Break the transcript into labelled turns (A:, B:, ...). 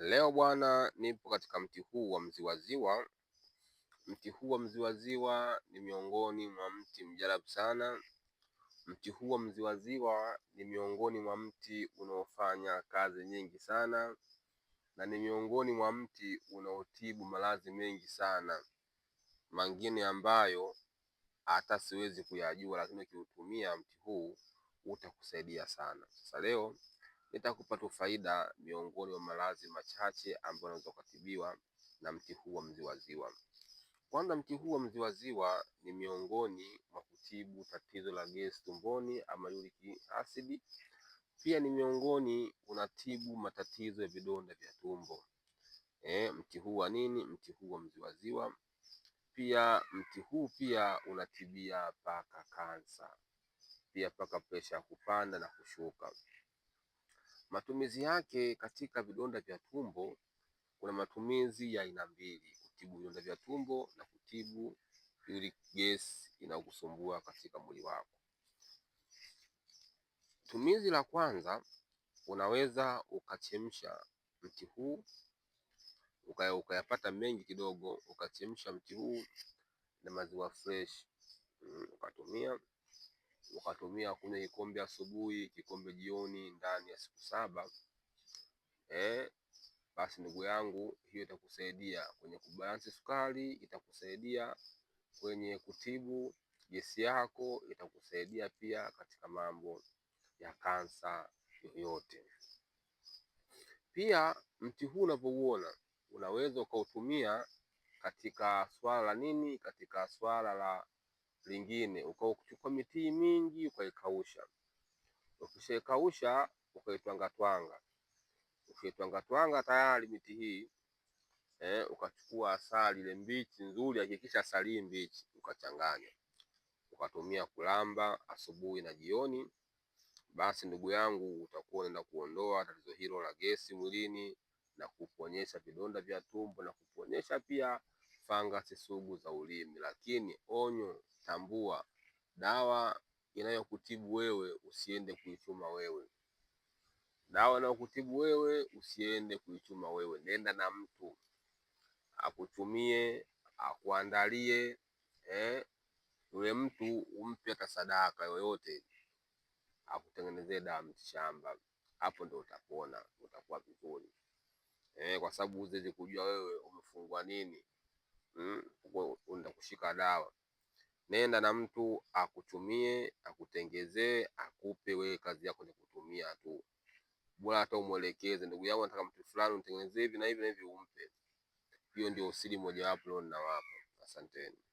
A: Leo bwana, nipo katika mti huu wa mziwaziwa. Mti huu wa mziwaziwa ni miongoni mwa mti mjarabu sana. Mti huu wa mziwaziwa ni miongoni mwa mti unaofanya kazi nyingi sana, na ni miongoni mwa mti unaotibu maradhi mengi sana, mangine ambayo hata siwezi kuyajua, lakini ukiutumia mti huu utakusaidia sana. Sasa leo Nitakupa tu faida miongoni mwa maradhi machache ambayo yanaweza kutibiwa na mti huu wa mziwaziwa. Kwanza, mti huu wa mziwaziwa ni miongoni mwa kutibu tatizo la gesi tumboni ama uric acid. Pia ni miongoni unatibu matatizo ya vidonda vya tumbo. E, mti huu wa nini? Mti huu wa mziwaziwa. Pia mti huu pia unatibia paka kansa, pia paka presha ya kupanda na kushuka. Matumizi yake katika vidonda vya tumbo, kuna matumizi ya aina mbili kutibu vidonda vya tumbo na kutibu ile gesi inayokusumbua katika mwili wako. Tumizi la kwanza unaweza ukachemsha mti huu ukayapata mengi kidogo, ukachemsha mti huu na maziwa mm, ukatumia ukatumia kunywa kikombe asubuhi, kikombe jioni ndani ya siku saba eh, basi ndugu yangu, hiyo itakusaidia kwenye kubalansi sukari, itakusaidia kwenye kutibu gesi yako, itakusaidia pia katika mambo ya kansa yoyote. Pia mti huu unavyouona, unaweza ukautumia katika swala la nini, katika swala la lingine, ukachukua miti mingi ukaikausha, ukishaikausha ukaitwangatwanga, twanga tayari miti hii eh, ukachukua asali ile mbichi nzuri, hakikisha asali hii mbichi, ukachanganya ukatumia kulamba asubuhi na jioni, basi ndugu yangu, utakuwa unaenda kuondoa tatizo hilo la gesi mwilini na kuponyesha vidonda vya tumbo na kuponyesha pia fangasi sugu za ulimi lakini onyo tambua dawa inayokutibu wewe usiende kuichuma wewe. Dawa inayokutibu wewe usiende kuichuma wewe. Nenda na mtu akuchumie, akuandalie eh, yule mtu umpe hata sadaka yoyote akutengenezee dawa mitishamba. Hapo ndo utapona, utakuwa vizuri eh, kwa sababu huwezi kujua wewe umefungwa nini. Kuna hmm, kushika dawa. Nenda na mtu akutumie akutengezee, akupe wewe kazi yako ni kutumia tu. Bora hata umwelekeze ndugu yangu nataka mtu fulani unitengenezee hivi na hivi na hivi umpe. Hiyo ndio usiri mojawapo ninawapa Asanteni.